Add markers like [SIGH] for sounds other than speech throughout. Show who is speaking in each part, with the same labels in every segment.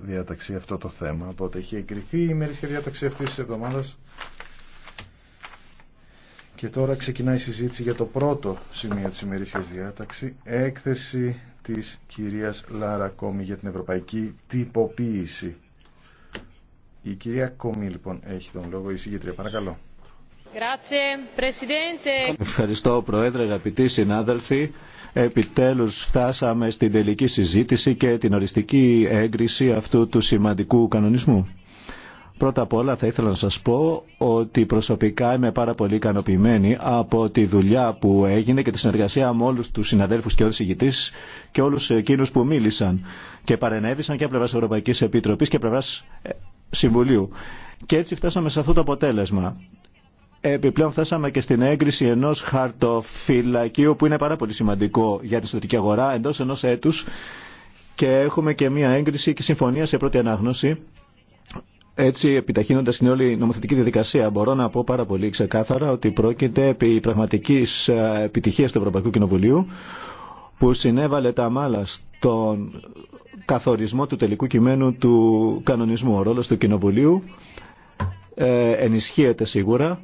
Speaker 1: διάταξη αυτό το θέμα. Οπότε έχει εγκριθεί η ημερήσια διάταξη αυτή τη εβδομάδα. Και τώρα ξεκινάει η συζήτηση για το πρώτο σημείο της ημερήσιας διάταξη, έκθεση της κυρίας Λάρα Κόμη για την ευρωπαϊκή τυποποίηση. Η κυρία Κόμη λοιπόν έχει τον λόγο, η συγκεκριά. Παρακαλώ.
Speaker 2: Ευχαριστώ Προέδρε, αγαπητοί συνάδελφοι. Επιτέλους φτάσαμε στην τελική συζήτηση και την οριστική έγκριση αυτού του σημαντικού κανονισμού. Πρώτα απ' όλα θα ήθελα να σας πω ότι προσωπικά είμαι πάρα πολύ ικανοποιημένη από τη δουλειά που έγινε και τη συνεργασία με όλους τους συναδέλφους και όλους τους και όλους εκείνους που μίλησαν και παρενέβησαν και από πλευράς Ευρωπαϊκής Επιτροπής και πλευράς ε, Συμβουλίου. Και έτσι φτάσαμε σε αυτό το αποτέλεσμα. Επιπλέον φτάσαμε και στην έγκριση ενός χαρτοφυλακίου που είναι πάρα πολύ σημαντικό για την ιστορική αγορά εντός ενός έτους και έχουμε και μία έγκριση και συμφωνία σε πρώτη ανάγνωση έτσι επιταχύνοντας την όλη νομοθετική διαδικασία. Μπορώ να πω πάρα πολύ ξεκάθαρα ότι πρόκειται επί πραγματικής ε, επιτυχίας του Ευρωπαϊκού Κοινοβουλίου που συνέβαλε τα μάλα στον καθορισμό του τελικού κειμένου του κανονισμού. Ο ρόλος του Κοινοβουλίου ε, ενισχύεται σίγουρα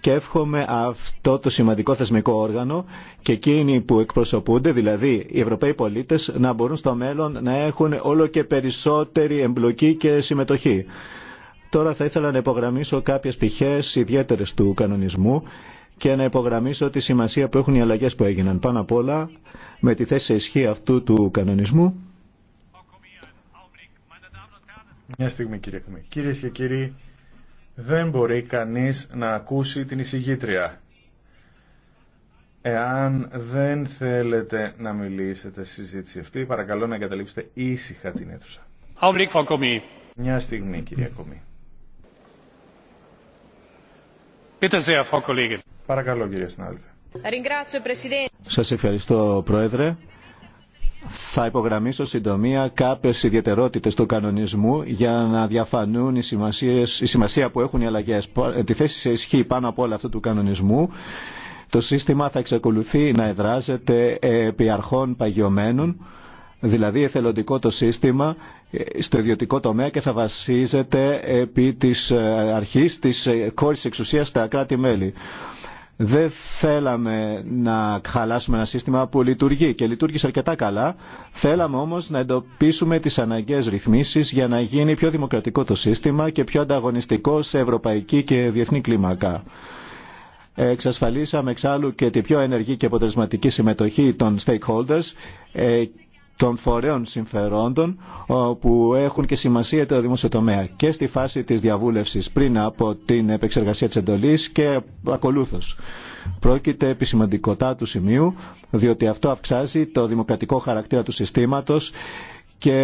Speaker 2: και εύχομαι αυτό το σημαντικό θεσμικό όργανο και εκείνοι που εκπροσωπούνται, δηλαδή οι Ευρωπαίοι πολίτες, να μπορούν στο μέλλον να έχουν όλο και περισσότερη εμπλοκή και συμμετοχή. Τώρα θα ήθελα να υπογραμμίσω κάποιες πτυχές ιδιαίτερες του κανονισμού και να υπογραμμίσω τη σημασία που έχουν οι αλλαγές που έγιναν. Πάνω απ' όλα, με τη θέση σε ισχύ αυτού του κανονισμού.
Speaker 1: Μια στιγμή κύριε και κύριοι, δεν μπορεί κανείς να ακούσει την εισηγήτρια. Εάν δεν θέλετε να μιλήσετε στη συζήτηση αυτή, παρακαλώ να εγκαταλείψετε ήσυχα την αίθουσα. Μια στιγμή, κυρία Κομή. Παρακαλώ, κύριε συνάδελφε.
Speaker 2: Σας ευχαριστώ, Πρόεδρε. Θα υπογραμμίσω συντομία κάποιε ιδιαιτερότητε του κανονισμού για να διαφανούν οι σημασίες, η σημασία που έχουν οι αλλαγέ. Ε, τη θέση σε ισχύ πάνω από όλα αυτού του κανονισμού το σύστημα θα εξακολουθεί να εδράζεται επί αρχών παγιωμένων, δηλαδή εθελοντικό το σύστημα ε, στο ιδιωτικό τομέα και θα βασίζεται επί της ε, αρχής της κόρης εξουσίας στα κράτη-μέλη. Δεν θέλαμε να χαλάσουμε ένα σύστημα που λειτουργεί και λειτουργήσε αρκετά καλά. Θέλαμε όμως να εντοπίσουμε τις αναγκαίες ρυθμίσεις για να γίνει πιο δημοκρατικό το σύστημα και πιο ανταγωνιστικό σε ευρωπαϊκή και διεθνή κλίμακα. Εξασφαλίσαμε εξάλλου και την πιο ενεργή και αποτελεσματική συμμετοχή των stakeholders ε, των φορέων συμφερόντων που έχουν και σημασία το δημόσιο τομέα και στη φάση της διαβούλευσης πριν από την επεξεργασία της εντολής και ακολούθως. Πρόκειται επί σημαντικότητα του σημείου διότι αυτό αυξάζει το δημοκρατικό χαρακτήρα του συστήματος και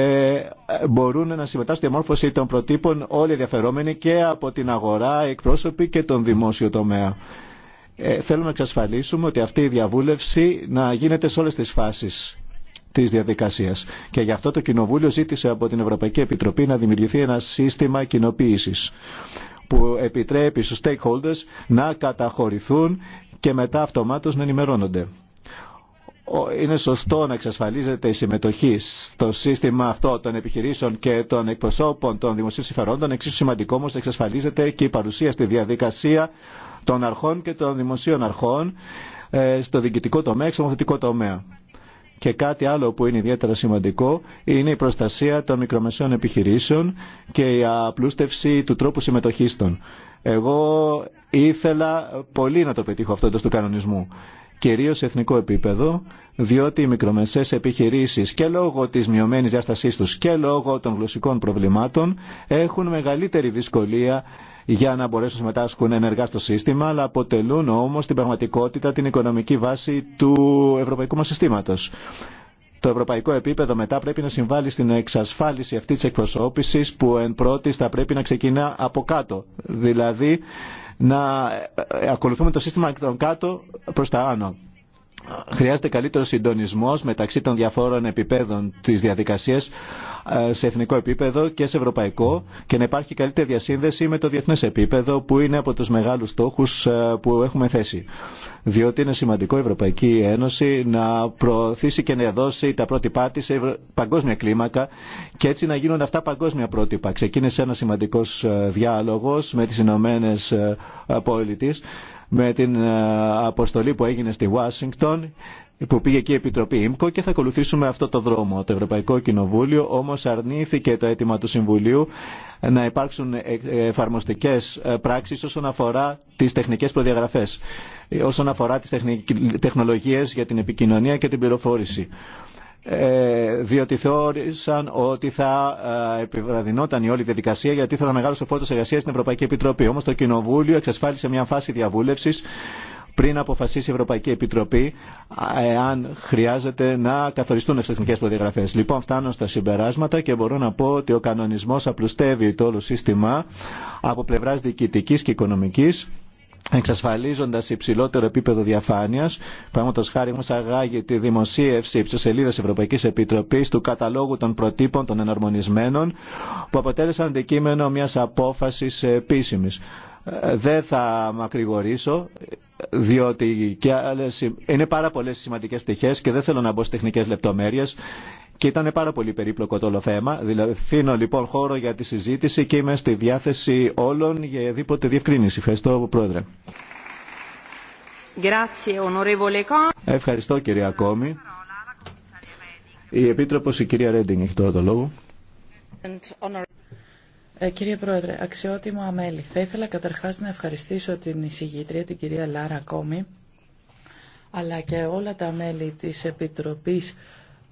Speaker 2: μπορούν να συμμετάσχουν στη διαμόρφωση των προτύπων όλοι οι ενδιαφερόμενοι και από την αγορά, εκπρόσωποι και τον δημόσιο τομέα. Ε, θέλουμε να εξασφαλίσουμε ότι αυτή η διαβούλευση να γίνεται σε όλες τις φάσεις τη διαδικασία. Και γι' αυτό το Κοινοβούλιο ζήτησε από την Ευρωπαϊκή Επιτροπή να δημιουργηθεί ένα σύστημα κοινοποίηση που επιτρέπει στους stakeholders να καταχωρηθούν και μετά αυτομάτως να ενημερώνονται. Είναι σωστό να εξασφαλίζεται η συμμετοχή στο σύστημα αυτό των επιχειρήσεων και των εκπροσώπων των δημοσίων συμφερόντων. Εξίσου σημαντικό όμως να εξασφαλίζεται και η παρουσία στη διαδικασία των αρχών και των δημοσίων αρχών ε, στο διοικητικό τομέα και στο νομοθετικό τομέα. Και κάτι άλλο που είναι ιδιαίτερα σημαντικό είναι η προστασία των μικρομεσαίων επιχειρήσεων και η απλούστευση του τρόπου συμμετοχής των. Εγώ ήθελα πολύ να το πετύχω αυτό εντός του κανονισμού κυρίως σε εθνικό επίπεδο, διότι οι μικρομεσαίες επιχειρήσεις και λόγω της μειωμένης διάστασή τους και λόγω των γλωσσικών προβλημάτων έχουν μεγαλύτερη δυσκολία για να μπορέσουν να συμμετάσχουν ενεργά στο σύστημα, αλλά αποτελούν όμω την πραγματικότητα την οικονομική βάση του ευρωπαϊκού μα συστήματο. Το ευρωπαϊκό επίπεδο μετά πρέπει να συμβάλλει στην εξασφάλιση αυτή τη εκπροσώπηση που εν πρώτη θα πρέπει να ξεκινά από κάτω. Δηλαδή να ακολουθούμε το σύστημα από κάτω προ τα άνω. Χρειάζεται καλύτερο συντονισμό μεταξύ των διαφόρων επιπέδων τη διαδικασία σε εθνικό επίπεδο και σε ευρωπαϊκό και να υπάρχει καλύτερη διασύνδεση με το διεθνές επίπεδο που είναι από τους μεγάλους στόχους ε, που έχουμε θέσει. Διότι είναι σημαντικό η Ευρωπαϊκή Ένωση να προωθήσει και να δώσει τα πρότυπά τη σε παγκόσμια κλίμακα και έτσι να γίνουν αυτά παγκόσμια πρότυπα. Ξεκίνησε ένα σημαντικό ε, διάλογο με τι Ηνωμένε Πολιτείε με την ε, αποστολή που έγινε στη Ουάσιγκτον που πήγε εκεί η Επιτροπή ΙΜΚΟ και θα ακολουθήσουμε αυτό το δρόμο. Το Ευρωπαϊκό Κοινοβούλιο όμως αρνήθηκε το αίτημα του Συμβουλίου να υπάρξουν ε, εφαρμοστικές ε, πράξεις όσον αφορά τις τεχνικές προδιαγραφές, όσον αφορά τις τεχνολογίες για την επικοινωνία και την πληροφόρηση. Ε, διότι θεώρησαν ότι θα ε, επιβραδινόταν η όλη διαδικασία γιατί θα ήταν μεγάλο ο φόρτο εργασία στην Ευρωπαϊκή Επιτροπή. Όμω το Κοινοβούλιο εξασφάλισε μια φάση διαβούλευση πριν αποφασίσει η Ευρωπαϊκή Επιτροπή ε, αν χρειάζεται να καθοριστούν τεχνικές προδιαγραφέ. Λοιπόν, φτάνω στα συμπεράσματα και μπορώ να πω ότι ο κανονισμό απλουστεύει το όλο σύστημα από πλευρά διοικητική και οικονομική εξασφαλίζοντα υψηλότερο επίπεδο διαφάνεια. Παραδείγματο χάρη, μα αγάγει τη δημοσίευση ιστοσελίδα Ευρωπαϊκή Επιτροπή του καταλόγου των προτύπων των εναρμονισμένων, που αποτέλεσαν αντικείμενο μια απόφαση επίσημης. Ε, δεν θα μακρηγορήσω, διότι και άλλες... είναι πάρα πολλές σημαντικές πτυχέ και δεν θέλω να μπω στις τεχνικέ λεπτομέρειε. Και ήταν πάρα πολύ περίπλοκο το όλο θέμα. Δηλαδή, αφήνω λοιπόν χώρο για τη συζήτηση και είμαι στη διάθεση όλων για δίποτε διευκρίνηση. Ευχαριστώ, Πρόεδρε. Ευχαριστώ, κυρία Κόμη. Η Επίτροπος, η κυρία Ρέντινγκ, έχει τώρα το λόγο.
Speaker 3: Ε, κύριε Πρόεδρε, αξιότιμο αμέλη, θα ήθελα καταρχάς να ευχαριστήσω την εισηγήτρια, την κυρία Λάρα Κόμη, αλλά και όλα τα μέλη της Επιτροπής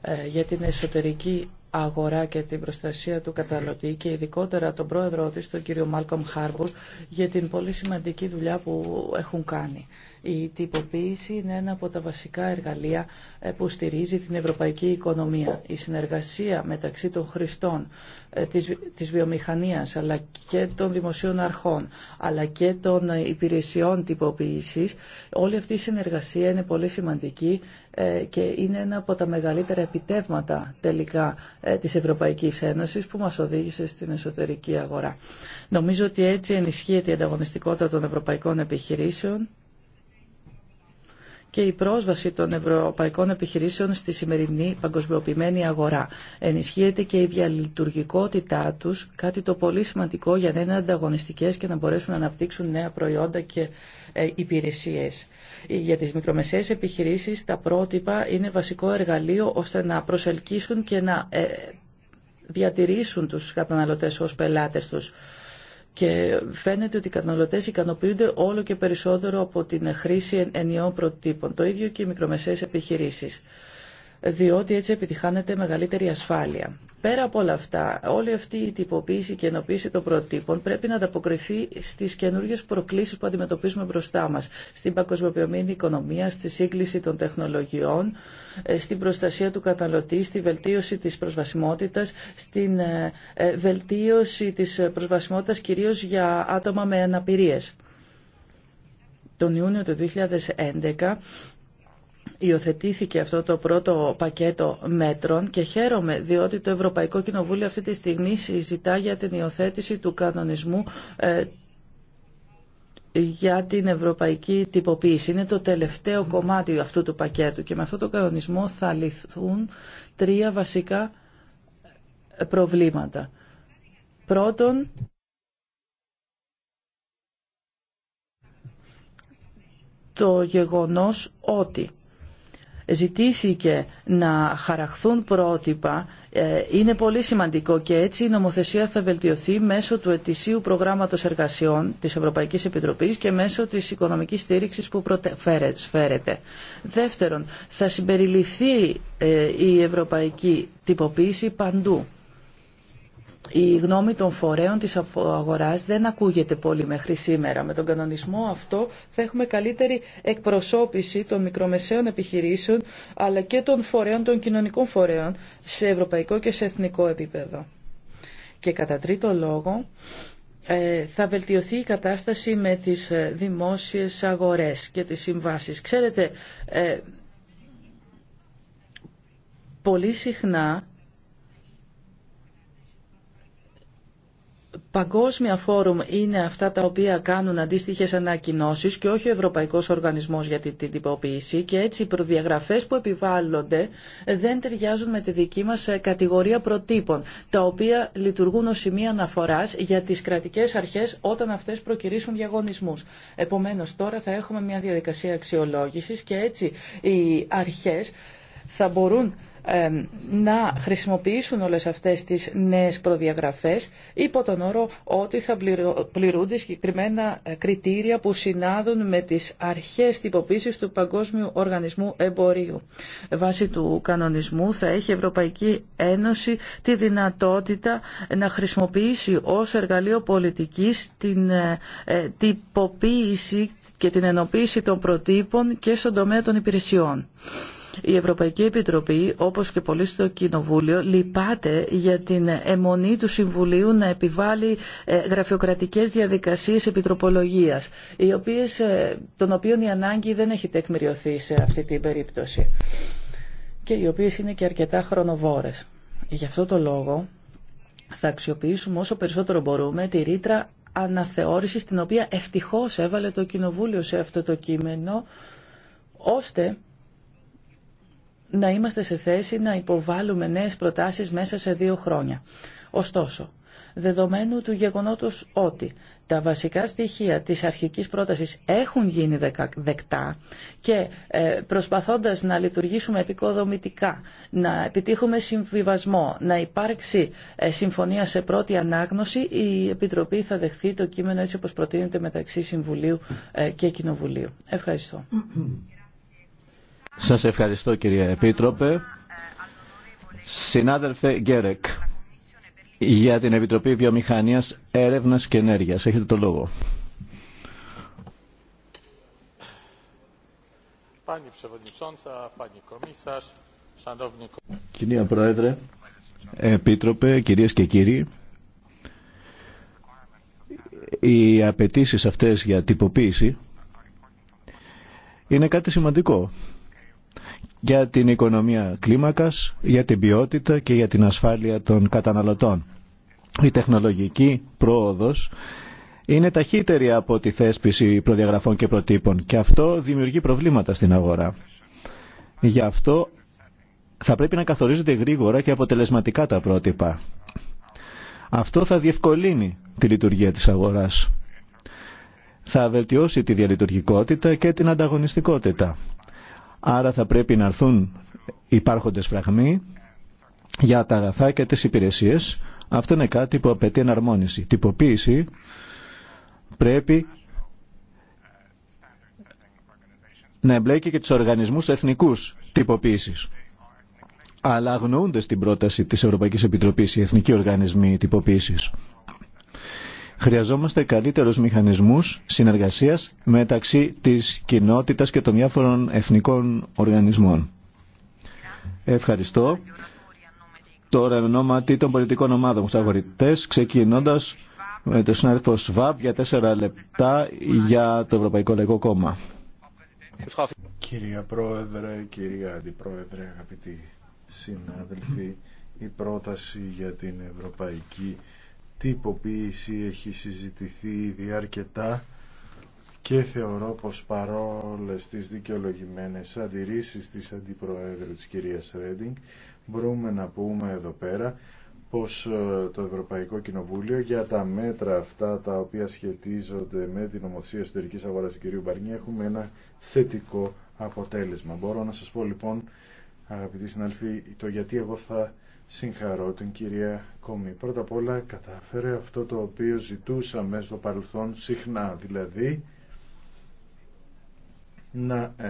Speaker 3: ε, για την εσωτερική αγορά και την προστασία του καταναλωτή και ειδικότερα τον πρόεδρό της, τον κύριο Μάλκομ Χάρμπουρ, για την πολύ σημαντική δουλειά που έχουν κάνει. Η τυποποίηση είναι ένα από τα βασικά εργαλεία ε, που στηρίζει την ευρωπαϊκή οικονομία. Η συνεργασία μεταξύ των χρηστών, ε, της, της βιομηχανίας, αλλά και των δημοσίων αρχών, αλλά και των υπηρεσιών τυποποίησης, όλη αυτή η συνεργασία είναι πολύ σημαντική ε, και είναι ένα από τα μεγαλύτερα επιτεύγματα τελικά ε, της Ευρωπαϊκής Ένωσης που μας οδήγησε στην εσωτερική αγορά. Νομίζω ότι έτσι ενισχύεται η ανταγωνιστικότητα των ευρωπαϊκών επιχειρήσεων και η πρόσβαση των ευρωπαϊκών επιχειρήσεων στη σημερινή παγκοσμιοποιημένη αγορά. Ενισχύεται και η διαλειτουργικότητά τους, κάτι το πολύ σημαντικό για να είναι ανταγωνιστικές και να μπορέσουν να αναπτύξουν νέα προϊόντα και ε, υπηρεσίες. Για τις μικρομεσαίες επιχειρήσεις τα πρότυπα είναι βασικό εργαλείο ώστε να προσελκύσουν και να ε, διατηρήσουν τους καταναλωτές ως πελάτες τους. Και φαίνεται ότι οι καταναλωτέ ικανοποιούνται όλο και περισσότερο από την χρήση ενιαίων προτύπων. Το ίδιο και οι μικρομεσαίες επιχειρήσει διότι έτσι επιτυχάνεται μεγαλύτερη ασφάλεια. Πέρα από όλα αυτά, όλη αυτή η τυποποίηση και ενοποίηση των προτύπων πρέπει να ανταποκριθεί στι καινούργιε προκλήσει που αντιμετωπίζουμε μπροστά μα. Στην παγκοσμιοποιημένη οικονομία, στη σύγκληση των τεχνολογιών, ε, στην προστασία του καταναλωτή, στη βελτίωση τη προσβασιμότητα, στην ε, ε, βελτίωση τη προσβασιμότητα κυρίω για άτομα με αναπηρίε. Τον Ιούνιο του 2011 υιοθετήθηκε αυτό το πρώτο πακέτο μέτρων και χαίρομαι διότι το Ευρωπαϊκό Κοινοβούλιο αυτή τη στιγμή συζητά για την υιοθέτηση του κανονισμού ε, για την ευρωπαϊκή τυποποίηση. Είναι το τελευταίο κομμάτι αυτού του πακέτου και με αυτό το κανονισμό θα λυθούν τρία βασικά προβλήματα. Πρώτον, το γεγονός ότι ζητήθηκε να χαραχθούν πρότυπα ε, είναι πολύ σημαντικό και έτσι η νομοθεσία θα βελτιωθεί μέσω του ετησίου προγράμματος εργασιών της Ευρωπαϊκής Επιτροπής και μέσω της οικονομικής στήριξης που προσφέρεται. Δεύτερον, θα συμπεριληφθεί ε, η ευρωπαϊκή τυποποίηση παντού η γνώμη των φορέων της αγοράς δεν ακούγεται πολύ μέχρι σήμερα. Με τον κανονισμό αυτό θα έχουμε καλύτερη εκπροσώπηση των μικρομεσαίων επιχειρήσεων αλλά και των φορέων των κοινωνικών φορέων σε ευρωπαϊκό και σε εθνικό επίπεδο. Και κατά τρίτο λόγο ε, θα βελτιωθεί η κατάσταση με τις ε, δημόσιες αγορές και τις συμβάσεις. Ξέρετε, ε, πολύ συχνά παγκόσμια φόρουμ είναι αυτά τα οποία κάνουν αντίστοιχες ανακοινώσεις και όχι ο Ευρωπαϊκός Οργανισμός για την τυποποίηση και έτσι οι προδιαγραφές που επιβάλλονται δεν ταιριάζουν με τη δική μας κατηγορία προτύπων τα οποία λειτουργούν ως σημεία αναφοράς για τις κρατικές αρχές όταν αυτές προκυρήσουν διαγωνισμούς. Επομένως τώρα θα έχουμε μια διαδικασία αξιολόγησης και έτσι οι αρχές θα μπορούν να χρησιμοποιήσουν όλες αυτές τις νέες προδιαγραφές υπό τον όρο ότι θα πληρούνται συγκεκριμένα ε, κριτήρια που συνάδουν με τις αρχές τυποποίησης του Παγκόσμιου Οργανισμού Εμπορίου. Βάσει του κανονισμού θα έχει η Ευρωπαϊκή Ένωση τη δυνατότητα να χρησιμοποιήσει ως εργαλείο πολιτικής την ε, ε, τυποποίηση και την ενοποίηση των προτύπων και στον τομέα των υπηρεσιών. Η Ευρωπαϊκή Επιτροπή, όπως και πολλοί στο Κοινοβούλιο, λυπάται για την αιμονή του Συμβουλίου να επιβάλλει ε, γραφειοκρατικές διαδικασίες επιτροπολογίας, οι οποίες, ε, των οποίων η ανάγκη δεν έχει τεκμηριωθεί σε αυτή την περίπτωση και οι οποίες είναι και αρκετά χρονοβόρες. Γι' αυτό το λόγο θα αξιοποιήσουμε όσο περισσότερο μπορούμε τη ρήτρα αναθεώρηση την οποία ευτυχώς έβαλε το Κοινοβούλιο σε αυτό το κείμενο ώστε να είμαστε σε θέση να υποβάλουμε νέες προτάσεις μέσα σε δύο χρόνια. Ωστόσο, δεδομένου του γεγονότος ότι τα βασικά στοιχεία της αρχικής πρότασης έχουν γίνει δεκτά και ε, προσπαθώντας να λειτουργήσουμε επικοδομητικά, να επιτύχουμε συμβιβασμό, να υπάρξει ε, συμφωνία σε πρώτη ανάγνωση, η Επιτροπή θα δεχθεί το κείμενο έτσι όπως προτείνεται μεταξύ Συμβουλίου ε, και Κοινοβουλίου. Ευχαριστώ.
Speaker 2: [CLEARS THROAT] Σας ευχαριστώ κύριε Επίτροπε. Συνάδελφε Γκέρεκ, για την Επιτροπή Βιομηχανίας, Έρευνας και Ενέργειας. Έχετε το λόγο. Κυρία Πρόεδρε, Επίτροπε, κυρίες και κύριοι, οι απαιτήσει αυτές για τυποποίηση είναι κάτι σημαντικό για την οικονομία κλίμακας, για την ποιότητα και για την ασφάλεια των καταναλωτών. Η τεχνολογική πρόοδος είναι ταχύτερη από τη θέσπιση προδιαγραφών και προτύπων και αυτό δημιουργεί προβλήματα στην αγορά. Γι' αυτό θα πρέπει να καθορίζονται γρήγορα και αποτελεσματικά τα πρότυπα. Αυτό θα διευκολύνει τη λειτουργία της αγοράς. Θα βελτιώσει τη διαλειτουργικότητα και την ανταγωνιστικότητα. Άρα θα πρέπει να έρθουν υπάρχοντες φραγμοί για τα αγαθά και τις υπηρεσίες. Αυτό είναι κάτι που απαιτεί εναρμόνιση. Τυποποίηση πρέπει να εμπλέκει και τους οργανισμούς εθνικούς τυποποίησης. Αλλά αγνοούνται στην πρόταση της Ευρωπαϊκής Επιτροπής οι εθνικοί οργανισμοί τυποποίησης. Χρειαζόμαστε καλύτερους μηχανισμούς συνεργασίας μεταξύ της κοινότητας και των διάφορων εθνικών οργανισμών. Ευχαριστώ. Τώρα εν ονόματι των πολιτικών ομάδων στους αγορητές, ξεκινώντας με τον συνάδελφο ΣΒΑΠ για τέσσερα λεπτά για το Ευρωπαϊκό Λαϊκό Κόμμα.
Speaker 1: Κυρία Πρόεδρε, κυρία Αντιπρόεδρε, αγαπητοί συνάδελφοι, η πρόταση για την Ευρωπαϊκή τυποποίηση έχει συζητηθεί ήδη αρκετά και θεωρώ πως παρόλες τις δικαιολογημένες αντιρρήσεις της Αντιπροέδρου της κυρίας Ρέντινγκ μπορούμε να πούμε εδώ πέρα πως ε, το Ευρωπαϊκό Κοινοβούλιο για τα μέτρα αυτά τα οποία σχετίζονται με την ομοθεσία εσωτερική αγορά του κυρίου Μπαρνιέ έχουμε ένα θετικό αποτέλεσμα. Μπορώ να σας πω λοιπόν αγαπητοί συναλφοί, το γιατί εγώ θα συγχαρώ την κυρία Κομή. Πρώτα απ' όλα κατάφερε αυτό το οποίο ζητούσαμε στο παρελθόν συχνά, δηλαδή να ε,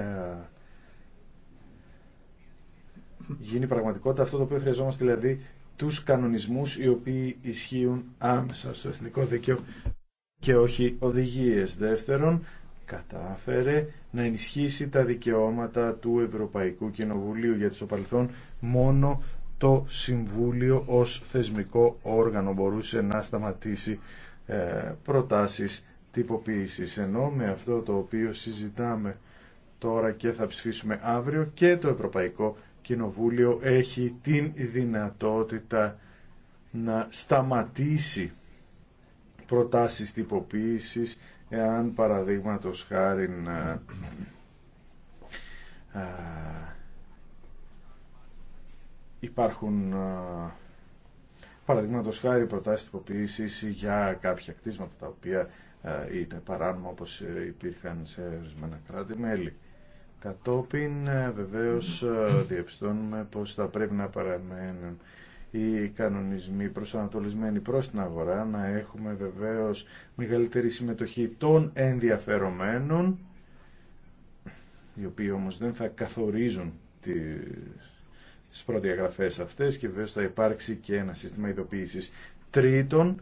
Speaker 1: γίνει πραγματικότητα αυτό το οποίο χρειαζόμαστε, δηλαδή τους κανονισμούς οι οποίοι ισχύουν άμεσα στο εθνικό δίκαιο και όχι οδηγίες. Δεύτερον, κατάφερε να ενισχύσει τα δικαιώματα του Ευρωπαϊκού Κοινοβουλίου γιατί στο παρελθόν μόνο το Συμβούλιο ως θεσμικό όργανο μπορούσε να σταματήσει ε, προτάσεις τυποποίησης. Ενώ με αυτό το οποίο συζητάμε τώρα και θα ψηφίσουμε αύριο και το Ευρωπαϊκό Κοινοβούλιο έχει την δυνατότητα να σταματήσει προτάσεις τυποποίησης εάν παραδείγματος χάρη Υπάρχουν παραδείγματο χάρη προτάσει τυποποίηση για κάποια κτίσματα τα οποία είναι παράνομα όπω ε, υπήρχαν σε ορισμένα κράτη-μέλη. Κατόπιν ε, Βεβαίω διαπιστώνουμε πως θα πρέπει να παραμένουν οι κανονισμοί προσανατολισμένοι προς την αγορά, να έχουμε βεβαίω μεγαλύτερη συμμετοχή των ενδιαφερομένων, οι οποίοι όμως δεν θα καθορίζουν τις στις προδιαγραφές αυτές και βέβαια θα υπάρξει και ένα σύστημα ειδοποίησης τρίτων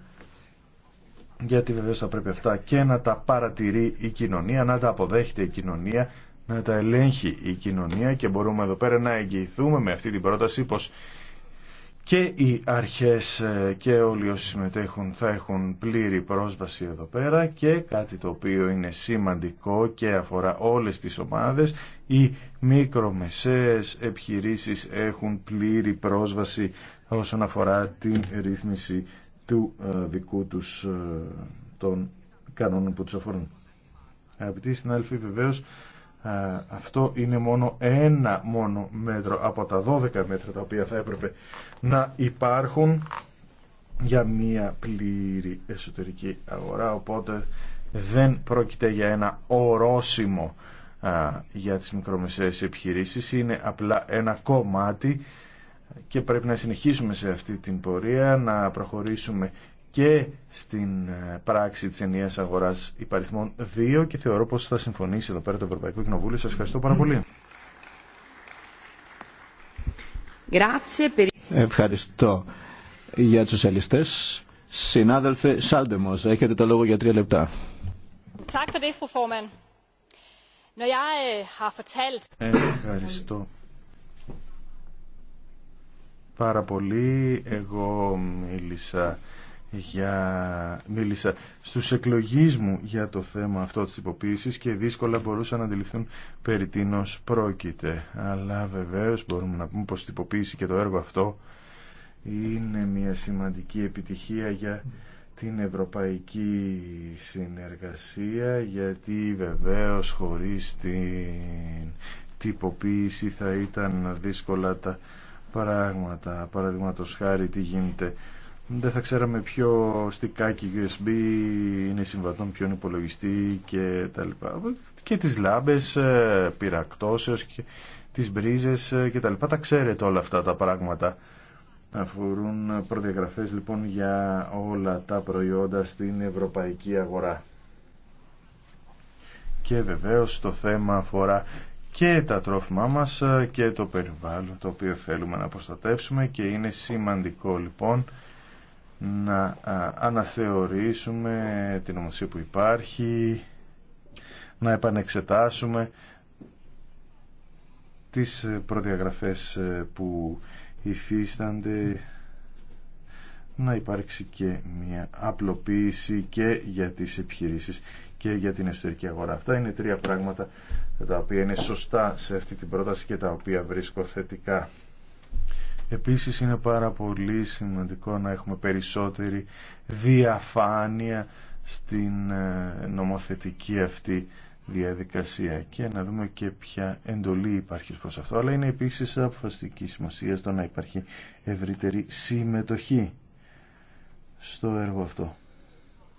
Speaker 1: γιατί βεβαίως θα πρέπει αυτά και να τα παρατηρεί η κοινωνία, να τα αποδέχεται η κοινωνία, να τα ελέγχει η κοινωνία και μπορούμε εδώ πέρα να εγγυηθούμε με αυτή την πρόταση πως και οι αρχές ε, και όλοι όσοι συμμετέχουν θα έχουν πλήρη πρόσβαση εδώ πέρα και κάτι το οποίο είναι σημαντικό και αφορά όλες τις ομάδες οι μικρομεσαίες επιχειρήσεις έχουν πλήρη πρόσβαση όσον αφορά την ρύθμιση του ε, δικού τους ε, των κανόνων που τους αφορούν. Αγαπητοί συνάδελφοι, βεβαίως ε, αυτό είναι μόνο ένα μόνο μέτρο από τα 12 μέτρα τα οποία θα έπρεπε να υπάρχουν για μια πλήρη εσωτερική αγορά, οπότε δεν πρόκειται για ένα ορόσημο για τις μικρομεσαίες επιχειρήσεις είναι απλά ένα κομμάτι και πρέπει να συνεχίσουμε σε αυτή την πορεία να προχωρήσουμε και στην ε, πράξη της ενιαίας αγοράς υπαριθμών 2 και θεωρώ πως θα συμφωνήσει εδώ πέρα το Ευρωπαϊκό Κοινοβούλιο. Σας ευχαριστώ πάρα πολύ.
Speaker 2: Ευχαριστώ για τους σοσιαλιστές. Συνάδελφε Σάλτεμος, έχετε το λόγο για τρία λεπτά.
Speaker 3: Øh, Ευχαριστώ
Speaker 1: πάρα πολύ. Εγώ μίλησα, για... μίλησα στους εκλογείς μου για το θέμα αυτό της υποποίησης και δύσκολα μπορούσαν να αντιληφθούν περί τίνος πρόκειται. Αλλά βεβαίως μπορούμε να πούμε πως η υποποίηση και το έργο αυτό είναι μια σημαντική επιτυχία για την ευρωπαϊκή συνεργασία γιατί βεβαίως χωρίς την τυποποίηση θα ήταν δύσκολα τα πράγματα. Παραδείγματο χάρη τι γίνεται. Δεν θα ξέραμε ποιο στικάκι USB είναι συμβατόν ποιον υπολογιστή και τα λοιπά. Και τις λάμπες ε, πυρακτώσεως και τις μπρίζες ε, και τα λοιπά. Τα ξέρετε όλα αυτά τα πράγματα. Αφορούν προδιαγραφές λοιπόν για όλα τα προϊόντα στην ευρωπαϊκή αγορά. Και βεβαίως το θέμα αφορά και τα τρόφιμά μας και το περιβάλλον το οποίο θέλουμε να προστατεύσουμε και είναι σημαντικό λοιπόν να αναθεωρήσουμε την ομοσία που υπάρχει, να επανεξετάσουμε τις προδιαγραφές που υφίστανται να υπάρξει και μια απλοποίηση και για τις επιχειρήσεις και για την εσωτερική αγορά. Αυτά είναι τρία πράγματα τα οποία είναι σωστά σε αυτή την πρόταση και τα οποία βρίσκω θετικά. Επίσης είναι πάρα πολύ σημαντικό να έχουμε περισσότερη διαφάνεια στην ε, νομοθετική αυτή διαδικασία και να δούμε και ποια εντολή υπάρχει προς αυτό. Αλλά είναι επίσης αποφασιστική σημασία στο να υπάρχει ευρύτερη συμμετοχή στο έργο αυτό.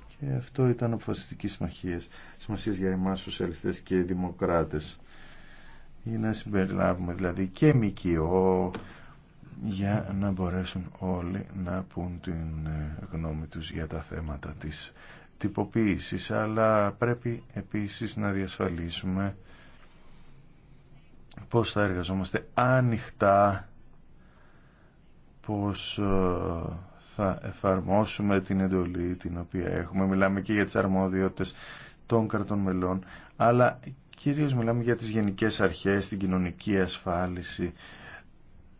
Speaker 1: Και αυτό ήταν αποφασιστική σημασία για εμάς σοσιαλιστές και δημοκράτες. Για να συμπεριλάβουμε δηλαδή και ΜΚΟ για να μπορέσουν όλοι να πούν την γνώμη τους για τα θέματα της τυποποίησης, αλλά πρέπει επίσης να διασφαλίσουμε πώς θα εργαζόμαστε άνοιχτά, πώς ε, θα εφαρμόσουμε την εντολή την οποία έχουμε. Μιλάμε και για τις αρμόδιότητες των κρατών μελών, αλλά κυρίως μιλάμε για τις γενικές αρχές, την κοινωνική ασφάλιση,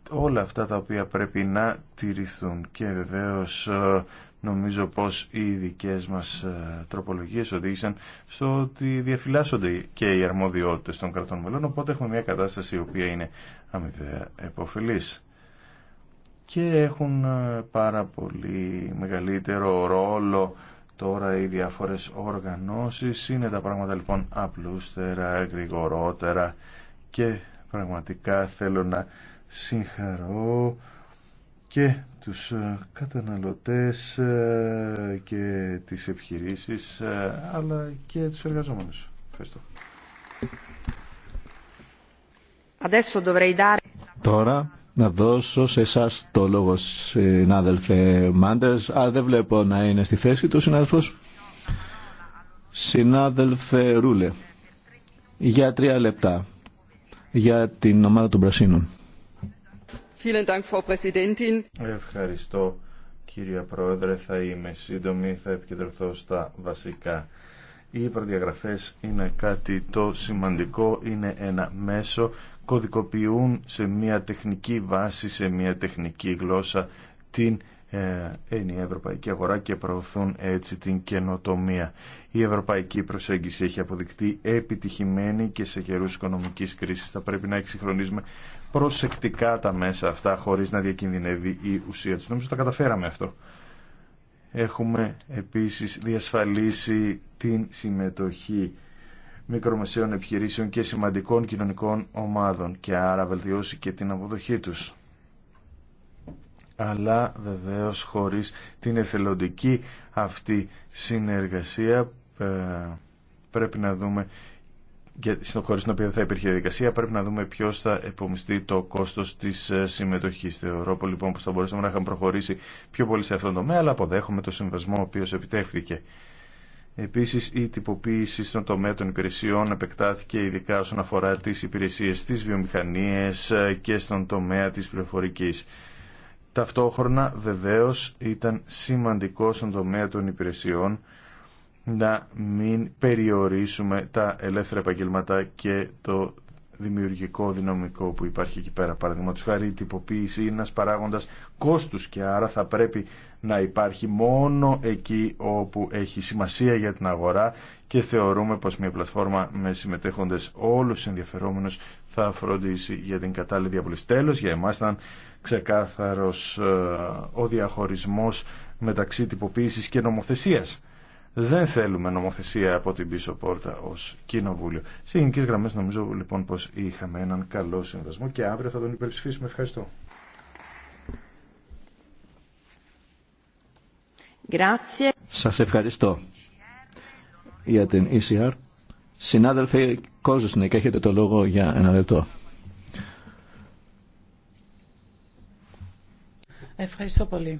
Speaker 1: όλα αυτά τα οποία πρέπει να τηρηθούν και βεβαίως ε, Νομίζω πως οι δικές μας ε, τροπολογίες οδήγησαν στο ότι διαφυλάσσονται και οι αρμοδιότητες των κρατών μελών, οπότε έχουμε μια κατάσταση η οποία είναι αμοιβαία επωφελής και έχουν ε, πάρα πολύ μεγαλύτερο ρόλο τώρα οι διάφορες οργανώσεις. Είναι τα πράγματα λοιπόν απλούστερα, γρηγορότερα και πραγματικά θέλω να συγχαρώ και τους ε, καταναλωτές ε, και τις επιχειρήσεις ε, αλλά και τους εργαζόμενους. Ευχαριστώ.
Speaker 2: Τώρα να δώσω σε εσά το λόγο, συνάδελφε Μάντερ. Α, δεν βλέπω να είναι στη θέση του συνάδελφο. Συνάδελφε Ρούλε, για τρία λεπτά για την ομάδα των Πρασίνων.
Speaker 1: Ευχαριστώ κύριε Πρόεδρε, θα είμαι σύντομη, θα επικεντρωθώ στα βασικά. Οι προδιαγραφές είναι κάτι το σημαντικό, είναι ένα μέσο, κωδικοποιούν σε μια τεχνική βάση, σε μια τεχνική γλώσσα την ε, η ευρωπαϊκή αγορά και προωθούν έτσι την καινοτομία. Η ευρωπαϊκή προσέγγιση έχει αποδεικτεί επιτυχημένη και σε καιρού οικονομική κρίση θα πρέπει να εξυγχρονίζουμε προσεκτικά τα μέσα αυτά χωρί να διακινδυνεύει η ουσία του. Νομίζω τα καταφέραμε αυτό. Έχουμε επίσης διασφαλίσει την συμμετοχή μικρομεσαίων επιχειρήσεων και σημαντικών κοινωνικών ομάδων και άρα βελτιώσει και την αποδοχή τους αλλά βεβαίως χωρίς την εθελοντική αυτή συνεργασία ε, πρέπει να δούμε χωρίς την οποία θα υπήρχε διαδικασία πρέπει να δούμε ποιος θα επομιστεί το κόστος της ε, συμμετοχής θεωρώ λοιπόν πως θα μπορούσαμε να είχαμε προχωρήσει πιο πολύ σε αυτόν τον τομέα αλλά αποδέχομαι το συμβασμό ο οποίος επιτεύχθηκε Επίσης, η τυποποίηση στον τομέα των υπηρεσιών επεκτάθηκε ειδικά όσον αφορά τις υπηρεσίες της βιομηχανίας ε, και στον τομέα της πληροφορικής. Ταυτόχρονα βεβαίως ήταν σημαντικό στον τομέα των υπηρεσιών να μην περιορίσουμε τα ελεύθερα επαγγελματά και το δημιουργικό δυναμικό που υπάρχει εκεί πέρα. Παραδείγματο χάρη η τυποποίηση είναι ένα παράγοντα κόστους και άρα θα πρέπει να υπάρχει μόνο εκεί όπου έχει σημασία για την αγορά και θεωρούμε πως μια πλατφόρμα με συμμετέχοντες όλους του ενδιαφερόμενους θα φροντίσει για την κατάλληλη διαβολή. Τέλο για εμάς ήταν ε, ο διαχωρισμό μεταξύ τυποποίηση και νομοθεσία. Δεν θέλουμε νομοθεσία από την πίσω πόρτα ως κοινοβούλιο. Σε γενικέ γραμμές νομίζω λοιπόν πως είχαμε έναν καλό συνδεσμό και αύριο θα τον υπερψηφίσουμε. Ευχαριστώ.
Speaker 2: Σας ευχαριστώ για την ECR. Συνάδελφοι Κόζουσνη και έχετε το λόγο για ένα λεπτό.
Speaker 3: Ευχαριστώ πολύ.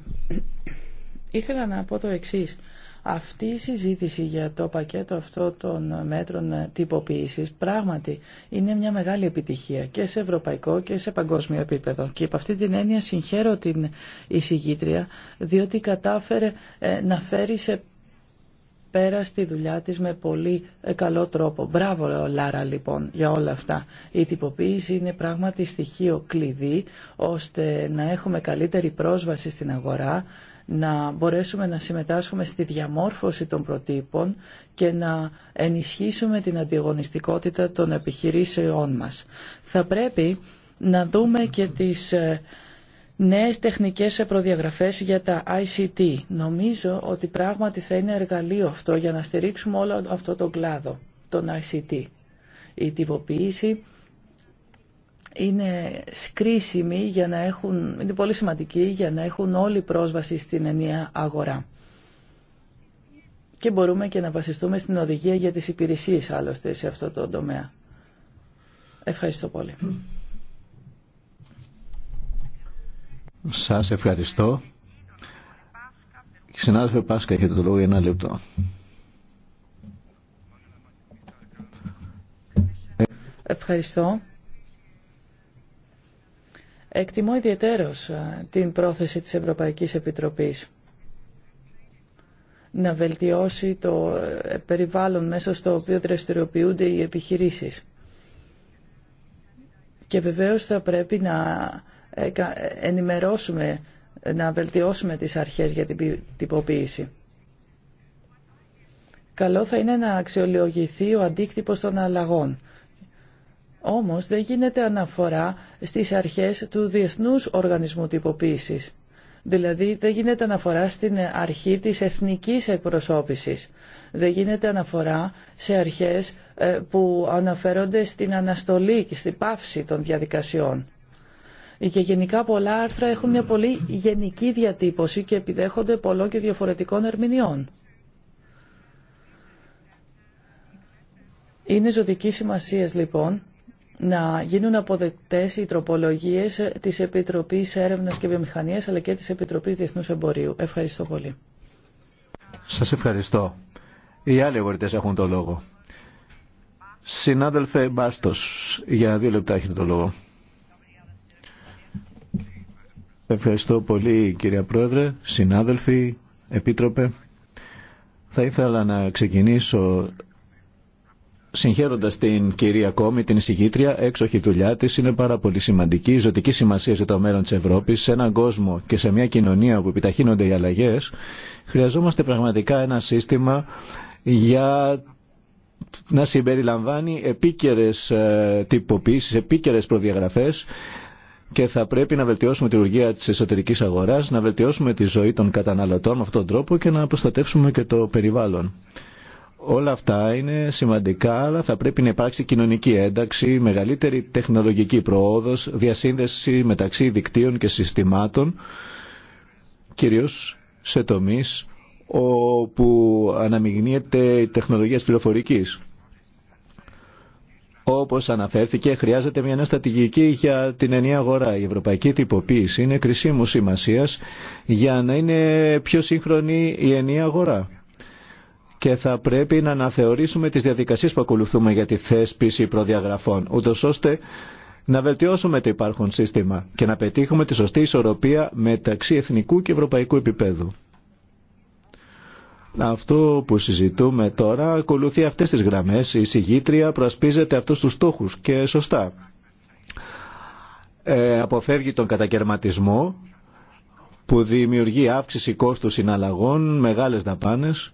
Speaker 3: Ήθελα να πω το εξής. Αυτή η συζήτηση για το πακέτο αυτό των μέτρων τυποποίησης πράγματι είναι μια μεγάλη επιτυχία και σε ευρωπαϊκό και σε παγκόσμιο επίπεδο. Και από αυτή την έννοια συγχαίρω την εισηγήτρια διότι κατάφερε ε, να φέρει σε πέρα στη δουλειά της με πολύ ε, καλό τρόπο. Μπράβο Λάρα λοιπόν για όλα αυτά. Η τυποποίηση είναι πράγματι στοιχείο κλειδί ώστε να έχουμε καλύτερη πρόσβαση στην αγορά να μπορέσουμε να συμμετάσχουμε στη διαμόρφωση των προτύπων και να ενισχύσουμε την αντιγωνιστικότητα των επιχειρήσεών μας. Θα πρέπει να δούμε και τις ε, νέες τεχνικές προδιαγραφές για τα ICT. Νομίζω ότι πράγματι θα είναι εργαλείο αυτό για να στηρίξουμε όλο αυτό το κλάδο, τον ICT. Η τυποποίηση είναι για να έχουν, είναι πολύ σημαντική για να έχουν όλη πρόσβαση στην ενιαία αγορά. Και μπορούμε και να βασιστούμε στην οδηγία για τις υπηρεσίες άλλωστε σε αυτό το τομέα. Ευχαριστώ πολύ.
Speaker 2: Σας ευχαριστώ. Συνάδελφε Πάσκα, έχετε το λόγο για ένα λεπτό.
Speaker 3: Ευχαριστώ. Εκτιμώ ιδιαίτερως την πρόθεση της Ευρωπαϊκής Επιτροπής να βελτιώσει το ε, περιβάλλον μέσα στο οποίο δραστηριοποιούνται οι επιχειρήσεις. Και βεβαίως θα πρέπει να ε, ε, ενημερώσουμε, να βελτιώσουμε τις αρχές για την τυποποίηση. Καλό θα είναι να αξιολογηθεί ο αντίκτυπος των αλλαγών όμως δεν γίνεται αναφορά στις αρχές του Διεθνούς Οργανισμού Τυποποίησης. Δηλαδή δεν γίνεται αναφορά στην αρχή της εθνικής εκπροσώπησης. Δεν γίνεται αναφορά σε αρχές ε, που αναφέρονται στην αναστολή και στην πάυση των διαδικασιών. Και γενικά πολλά άρθρα έχουν μια πολύ γενική διατύπωση και επιδέχονται πολλών και διαφορετικών ερμηνεών. Είναι ζωτική σημασία λοιπόν να γίνουν αποδεκτές οι τροπολογίες της Επιτροπής Έρευνας και Βιομηχανίας αλλά και της Επιτροπής Διεθνούς Εμπορίου. Ευχαριστώ πολύ.
Speaker 2: Σας ευχαριστώ. Οι άλλοι αγορητές έχουν το λόγο. Συνάδελφε Μπάστος, για δύο λεπτά έχετε το λόγο. Ευχαριστώ πολύ κυρία Πρόεδρε, συνάδελφοι, επίτροπε. Θα ήθελα να ξεκινήσω Συγχαίροντα την κυρία Κόμη, την εισηγήτρια, έξοχη δουλειά τη είναι πάρα πολύ σημαντική, ζωτική σημασία για το μέλλον τη Ευρώπη. Σε έναν κόσμο και σε μια κοινωνία που επιταχύνονται οι αλλαγέ, χρειαζόμαστε πραγματικά ένα σύστημα για να συμπεριλαμβάνει επίκαιρε τυποποίησει, επίκαιρε προδιαγραφέ και θα πρέπει να βελτιώσουμε τη λειτουργία τη εσωτερική αγορά, να βελτιώσουμε τη ζωή των καταναλωτών με αυτόν τον τρόπο και να προστατεύσουμε και το περιβάλλον. Όλα αυτά είναι σημαντικά, αλλά θα πρέπει να υπάρξει κοινωνική ένταξη, μεγαλύτερη τεχνολογική προόδος, διασύνδεση μεταξύ δικτύων και συστημάτων, κυρίως σε τομείς όπου αναμειγνύεται η τεχνολογία της πληροφορικής. Όπως αναφέρθηκε, χρειάζεται μια νέα στρατηγική για την ενιαία αγορά. Η ευρωπαϊκή τυποποίηση είναι κρισίμου σημασίας για να είναι πιο σύγχρονη η ενιαία αγορά και θα πρέπει να αναθεωρήσουμε τις διαδικασίες που ακολουθούμε για τη θέσπιση προδιαγραφών, ούτως ώστε να βελτιώσουμε το υπάρχον σύστημα και να πετύχουμε τη σωστή ισορροπία μεταξύ εθνικού και ευρωπαϊκού επίπεδου. Αυτό που συζητούμε τώρα ακολουθεί αυτές τις γραμμές. Η συγγήτρια προσπίζεται αυτούς τους στόχους και σωστά. Ε, αποφεύγει τον κατακαιρματισμό που δημιουργεί αύξηση κόστου συναλλαγών, μεγάλες δαπάνες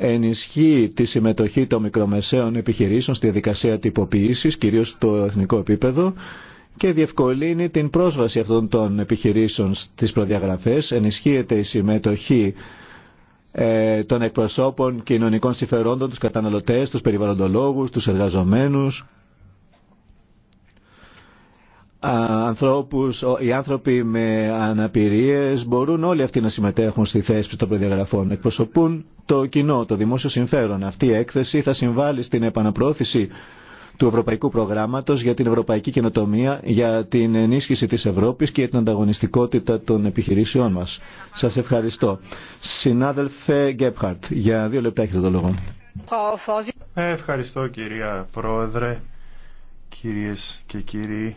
Speaker 2: ενισχύει τη συμμετοχή των μικρομεσαίων επιχειρήσεων στη διαδικασία τυποποίησης, κυρίως στο εθνικό επίπεδο, και διευκολύνει την πρόσβαση αυτών των επιχειρήσεων στις προδιαγραφές, ενισχύεται η συμμετοχή ε, των εκπροσώπων κοινωνικών συμφερόντων, τους καταναλωτές, τους περιβαλλοντολόγους, τους εργαζομένους ανθρώπους, οι άνθρωποι με αναπηρίες μπορούν όλοι αυτοί να συμμετέχουν στη θέση των προδιαγραφών. Εκπροσωπούν το κοινό, το δημόσιο συμφέρον. Αυτή η έκθεση θα συμβάλλει στην επαναπρόθεση του Ευρωπαϊκού Προγράμματος για την Ευρωπαϊκή Καινοτομία, για την ενίσχυση τη Ευρώπη και για την ανταγωνιστικότητα των επιχειρήσεών μα. Σα ευχαριστώ. Συνάδελφε Γκέπχαρτ, για δύο λεπτά έχετε το λόγο.
Speaker 1: Ευχαριστώ κυρία Πρόεδρε, κύριε και κύριοι